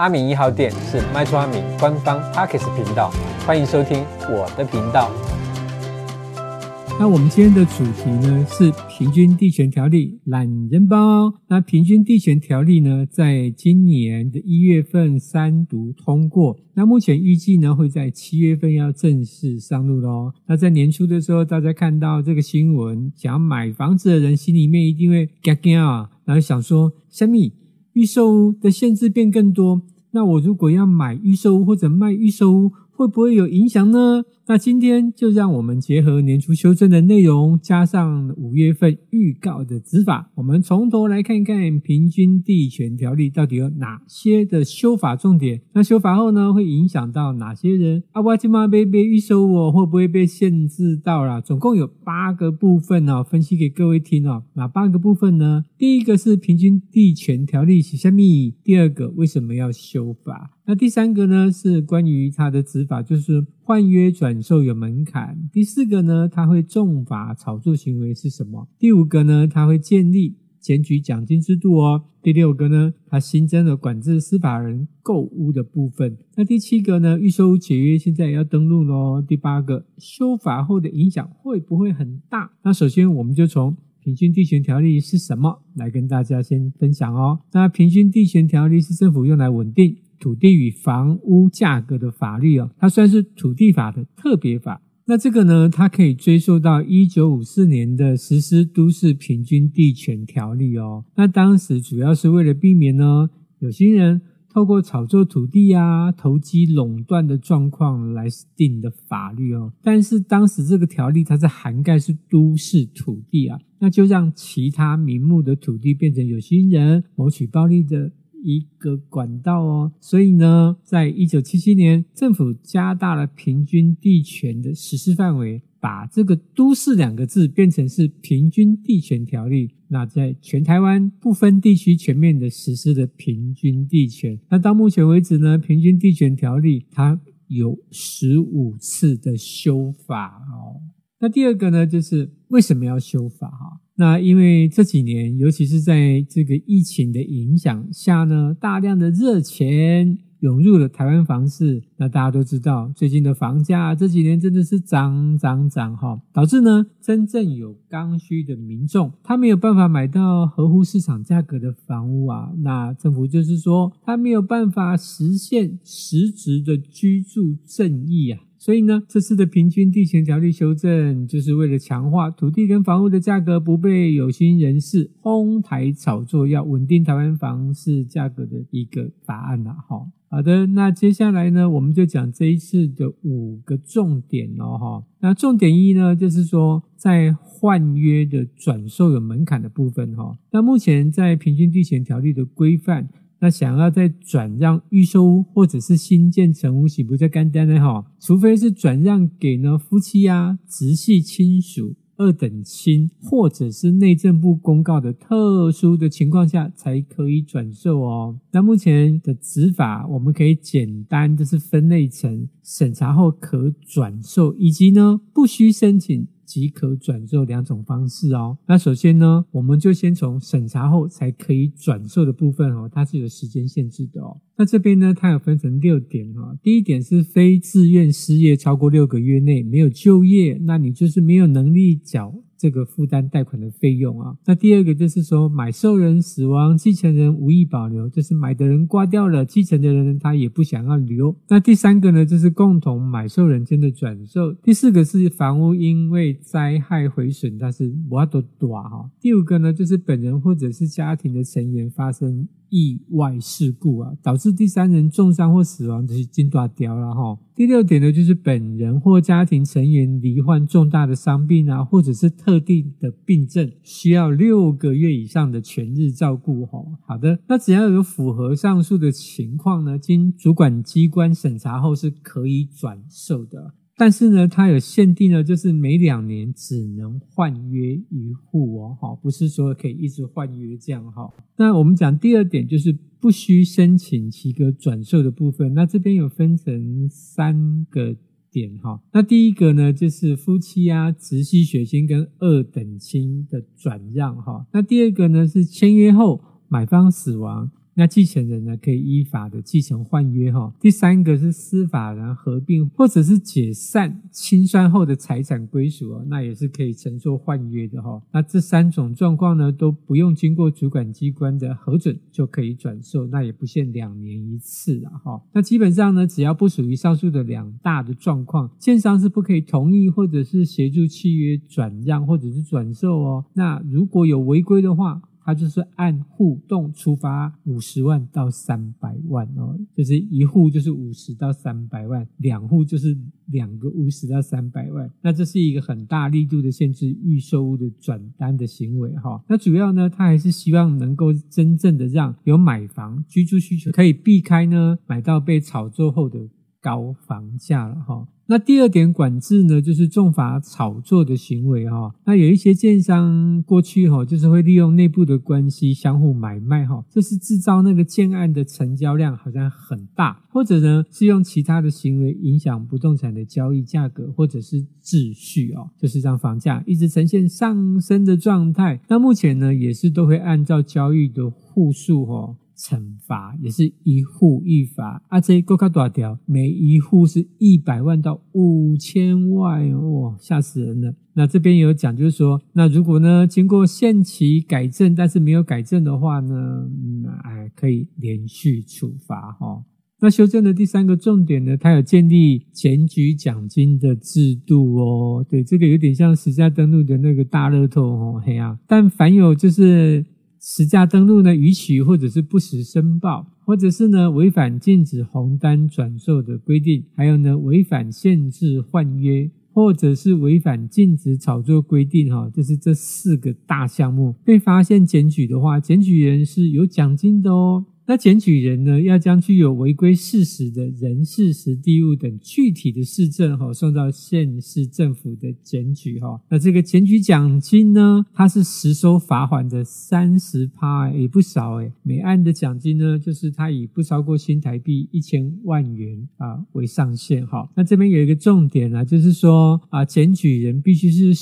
阿明一號店是麥廚阿明官方 Podcast 頻道，歡迎收聽我的頻道。那我們今天的主題呢，是《平均地權條例》懶人包哦。那《平均地權條例》呢，在今年的一月份三讀通過，那目前預計呢會在七月份要正式上路嘍。那在年初的時候，大家看到這個新聞，想要買房子的人心裡面一定會 g a t get 然後想說，蝦米？預售屋的限制變更多，那我如果要買預售屋或者賣預售屋，會不會有影響呢？那今天就讓我們結合年初修正的內容，加上五月份預告的子法，我們從頭來看一看《平均地權條例》到底有哪些的修法重點。那修法後呢，會影響到哪些人？啊我現在要買預售屋，會不會被限制到啦？總共有八個部分哦，分析給各位聽哦。哪八個部分呢？第一個是《平均地權條例》是什麼？第二個為什麼要修法？那第三個呢，是關於它的子法，就是。換約轉售有門檻。第四個呢，他會重罰炒作行為是什麼？第五個呢，他會建立檢舉獎金制度哦。第六個呢，他新增了管制司法人購屋的部分。那第七個呢，預售解約現在也要登錄咯。第八個，修法後的影響會不會很大？那首先我們就從《平均地權條例》是什麼來跟大家先分享哦。那《平均地權條例》是政府用來穩定。土地與房屋價格的法律哦，它算是土地法的特別法。那這個呢，它可以追溯到一九五四年的《實施都市平均地權條例》哦。那當時主要是為了避免呢，有心人透過炒作土地啊、投機壟斷的狀況來定的法律哦。但是當時這個條例它在涵蓋是都市土地啊，那就讓其他名目的土地變成有心人謀取暴利的。一個管道哦，所以呢，在一九七七年，政府加大了平均地權的實施範圍，把這個“都市”兩個字變成是平均地權條例。那在全台灣不分地區全面的實施了平均地權。那到目前為止呢，平均地權條例它有十五次的修法哦。那第二個呢，就是為什麼要修法哈？那因為這幾年，尤其是在這個疫情的影響下呢，大量的熱錢湧入了台灣房市。那大家都知道，最近的房價啊，這幾年真的是漲漲漲哈，導致呢真正有剛需的民眾，他沒有辦法買到合乎市場價格的房屋啊。那政府就是說，他沒有辦法實現實質的居住正義啊。所以呢，這次的平均地權條例修正，就是為了強化土地跟房屋的價格不被有心人士哄抬炒作，要穩定台灣房市價格的一個答案啦。好，好的，那接下來呢，我們就講這一次的五個重點嘍。哈，那重點一呢，就是說在換約的轉售有門檻的部分哈。那目前在平均地權條例的規範。那想要再轉讓預售屋或者是新建成屋，豈不叫簡單的哈，除非是轉讓給呢夫妻啊、直系親屬、二等親，或者是內政部公告的特殊的情況下，才可以轉售哦。那目前的子法，我們可以簡單就是分類成審查後可轉售，以及呢不需申請。即可轉售兩種方式哦。那首先呢，我們就先從審查後才可以轉售的部分哦，它是有時間限制的哦。那這邊呢，它有分成六點哦。第一點是非自願失業超過六個月內，沒有就業，那你就是沒有能力繳。這個負擔貸款的費用啊，那第二個就是說買受人死亡，繼承人無意保留，就是買的人掛掉了，繼承的人他也不想要留。那第三個呢，就是共同買受人間的轉售。第四個是房屋因為災害毀損，但是我都斷哈。第五個呢，就是本人或者是家庭的成員發生意外事故啊，導致第三人重傷或死亡，就是金斷掉了哈。第六點呢，就是本人或家庭成員罹患重大的傷病啊，或者是特定的病症需要六個月以上的全日照顧。哈，好的，那只要有符合上述的情況呢，經主管機關審查後是可以轉售的。但是呢，它有限定呢，就是每兩年只能換約一戶哦。哈，不是說可以一直換約這樣哈。那我們講第二點，就是不需申請資格轉售的部分。那這邊有分成三個。點哈，那第一個呢，就是夫妻啊、直系血親跟二等親的轉讓哈，那第二個呢是簽約後，買方死亡。那繼承人呢，可以依法的繼承換約哈、哦。第三個是司法人合併或者是解散清算後的財產歸屬哦，那也是可以承受換約的哈、哦。那這三種狀況呢，都不用經過主管機關的核准就可以轉售，那也不限兩年一次了哈、哦。那基本上呢，只要不屬於上述的兩大的狀況，建商是不可以同意或者是協助契約轉讓或者是轉售哦。那如果有違規的話，他就是按戶棟處罰，五十萬到三百萬哦，就是一戶就是五十到三百萬，兩戶就是兩個五十到三百萬。那這是一個很大力度的限制預售屋的轉單的行為哈、哦。那主要呢，他還是希望能夠真正的讓有買房居住需求可以避開呢買到被炒作後的。高房價了哈、哦，那第二點管制呢，就是重罰炒作的行為哈、哦。那有一些建商過去哈、哦，就是會利用內部的關係相互買賣哈、哦，這、就是製造那個建案的成交量好像很大，或者呢是用其他的行為影響不動產的交易價格或者是秩序哦，就是讓房價一直呈現上升的狀態。那目前呢也是都會按照交易的戶數哈、哦。懲罰也是一戶一罰啊，這一夠卡大條，每一戶是一百萬到五千萬哦，嚇死人了。那這邊有講，就是說，那如果呢經過限期改正，但是沒有改正的話呢，嗯，哎，可以連續處罰哈、哦。那修正的第三個重點呢，它有建立檢舉獎金的制度哦。對，這個有點像實價登錄的那個大樂透哦，一樣、啊。但凡有就是。實價登錄呢，逾期、或者是不實申報，或者是呢違反禁止紅單轉售的規定，還有呢違反限制換約，或者是違反禁止炒作規定，哈、哦，就是這四個大項目，被發現檢舉的話，檢舉人是有獎金的哦。那檢舉人呢，要將具有違規事實的人、事實、地物等具體的事證哈、哦，送到縣市政府的檢舉哈、哦。那這個檢舉獎金呢，它是實收罰款的三十趴，也、欸欸、不少哎、欸。每案的獎金呢，就是它以不超過新台幣一千萬元啊為上限哈、哦。那這邊有一個重點啦、啊，就是說啊，檢舉人必須是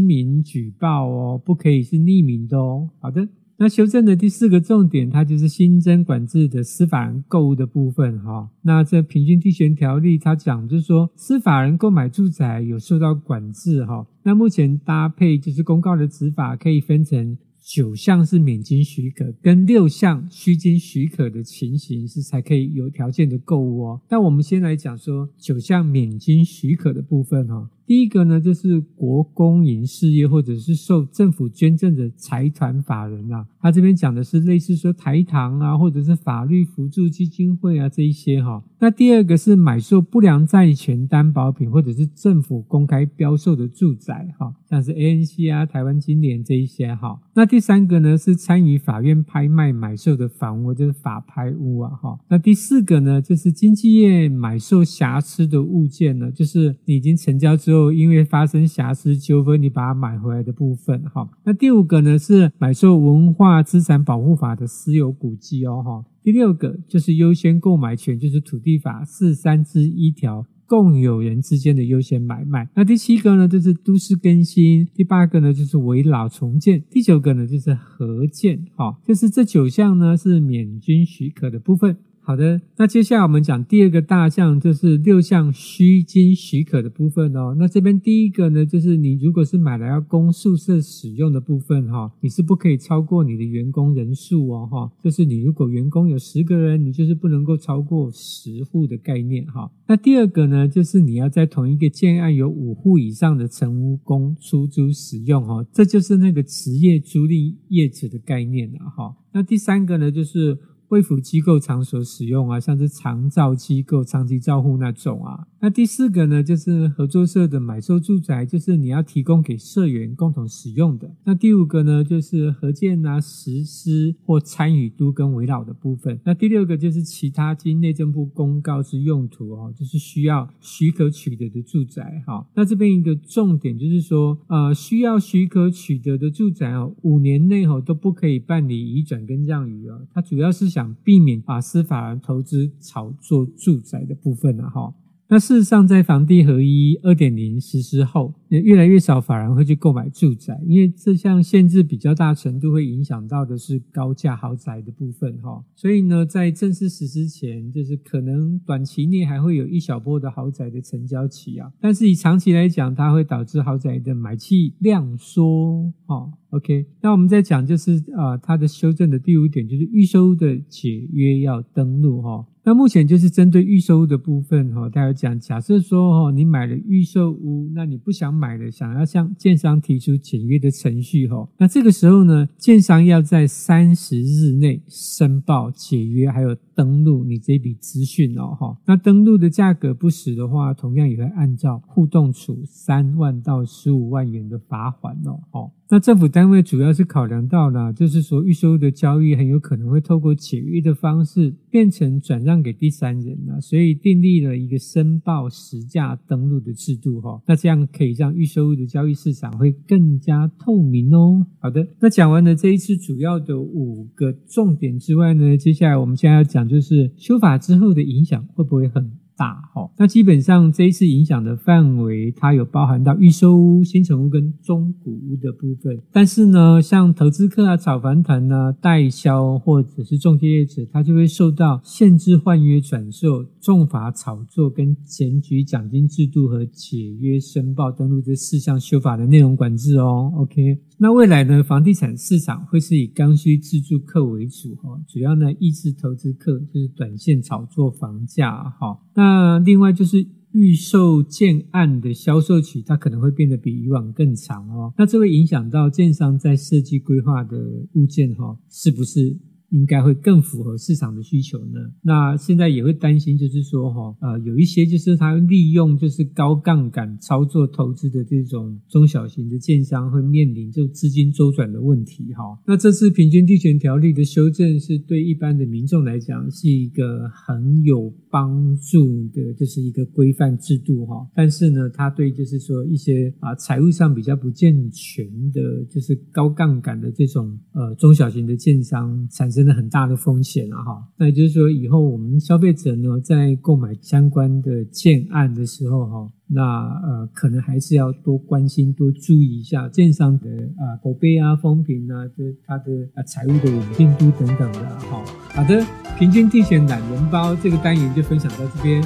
實名舉報哦，不可以是匿名的哦。好的。那修正的第四個重點，它就是新增管制的私法人購屋的部分、哦，哈。那這平均地權條例它講，就是說私法人購買住宅有受到管制、哦，哈。那目前搭配就是公告的子法，可以分成九項是免經許可，跟六項需經許可的情形是才可以有條件的購屋哦。那我們先來講說九項免經許可的部分、哦，哈。第一個呢，就是國公營事業或者是受政府捐贈的財團法人啊，他這邊講的是類似說台糖啊，或者是法律扶助基金會啊這一些哈。那第二個是買受不良債權擔保品或者是政府公開標售的住宅哈，像是 ANC 啊、台灣金聯這一些哈。那第三個呢是參與法院拍賣買受的房屋，就是法拍屋啊哈。那第四個呢就是經紀業買受瑕疵的物件呢，就是你已經成交之後。就因為發生瑕疵糾紛，你把它買回來的部分，哈。那第五個呢是《買受文化資產保護法》的私有古蹟哦，哈。第六個就是優先購買權，就是《土地法》四三之一條，共有人之間的優先買賣。那第七個呢就是都市更新，第八個呢就是危老重建，第九個呢就是合建，哈、哦，就是這九項呢是免均許可的部分。好的，那接下來我們講第二個大項，就是六項需經許可的部分哦。那這邊第一個呢，就是你如果是買來要供宿舍使用的部分哈、哦，你是不可以超過你的員工人數哦哈、哦。就是你如果員工有十個人，你就是不能夠超過十戶的概念哈、哦。那第二個呢，就是你要在同一個建案有五戶以上的成屋供出租使用哈、哦，這就是那個職業租賃業者的概念了哈、哦。那第三個呢，就是。衛福機構場所使用啊，像是長照機構、長期照護那種啊。那第四個呢，就是合作社的買受住宅，就是你要提供給社員共同使用的。那第五個呢，就是合建啊、實施或參與都更危老的部分。那第六個就是其他經內政部公告之用途哦，就是需要許可取得的住宅哈。那這邊一個重點就是說，呃，需要許可取得的住宅哦，五年內哦都不可以辦理移轉跟讓與哦。它主要是想。想避免把私法人投資炒作住宅的部分呢，哈。那事實上，在房地合一二點零實施後，也越來越少法人會去購買住宅，因為這項限制比較大程度會影響到的是高價豪宅的部分，哈。所以呢，在正式實施前，就是可能短期內還會有一小波的豪宅的成交期啊，但是以長期來講，它會導致豪宅的買氣量縮，哈、哦。OK，那我們再講就是啊、呃，它的修正的第五點就是預售的解約要登錄，哈。那目前就是針對預售屋的部分哈，他有講，假設說哈，你買了預售屋，那你不想買了，想要向建商提出解約的程序哈，那這個時候呢，建商要在三十日內申報解約，還有。登錄你這筆資訊哦，哈，那登錄的價格不實的話，同樣也會按照互動處三萬到十五萬元的罰鍰哦，哦，那政府單位主要是考量到呢，就是說預售的交易很有可能會透過解約的方式變成轉讓給第三人呢，所以訂立了一個申報實價登錄的制度哈、哦，那這樣可以讓預收入的交易市場會更加透明哦。好的，那講完了這一次主要的五個重點之外呢，接下來我們現在要講。就是修法之後的影響會不會很大？哦，那基本上這一次影響的範圍，它有包含到預售屋、新成屋跟中古屋的部分。但是呢，像投資客啊、炒房團呢、啊、代銷或者是中介業者，他就會受到限制換約轉售、重罰炒作、跟檢舉獎金制度和解約申報登錄這四項修法的內容管制哦。OK。那未來呢？房地產市場會是以剛需自住客為主哦，主要呢抑制投資客，就是短線炒作房價哈哦。那另外就是預售建案的銷售期，它可能會變得比以往更長哦。那這會影響到建商在設計規劃的物件哈哦，是不是？應該會更符合市場的需求呢。那現在也會擔心，就是說哈，呃，有一些就是他利用就是高槓桿操作投資的這種中小型的建商，會面臨就資金周轉的問題哈。那這次《平均地權條例》的修正，是對一般的民眾來講是一個很有幫助的，就是一個規範制度哈。但是呢，他對就是說一些啊財務上比較不健全的，就是高槓桿的這種呃中小型的建商產生。真的很大的風險啊！哈，那也就是說，以後我們消費者呢，在購買相關的建案的時候，啊，哈，那呃，可能還是要多關心、多注意一下建商的啊口碑啊、風評啊，就它的啊財務的穩定度等等的，啊，哈。好的，平均地權懶人包這個單元就分享到這邊。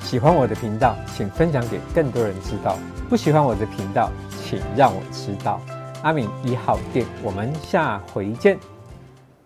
喜歡我的頻道，請分享給更多人知道；不喜歡我的頻道，請讓我知道。阿明一號店，我們下回見。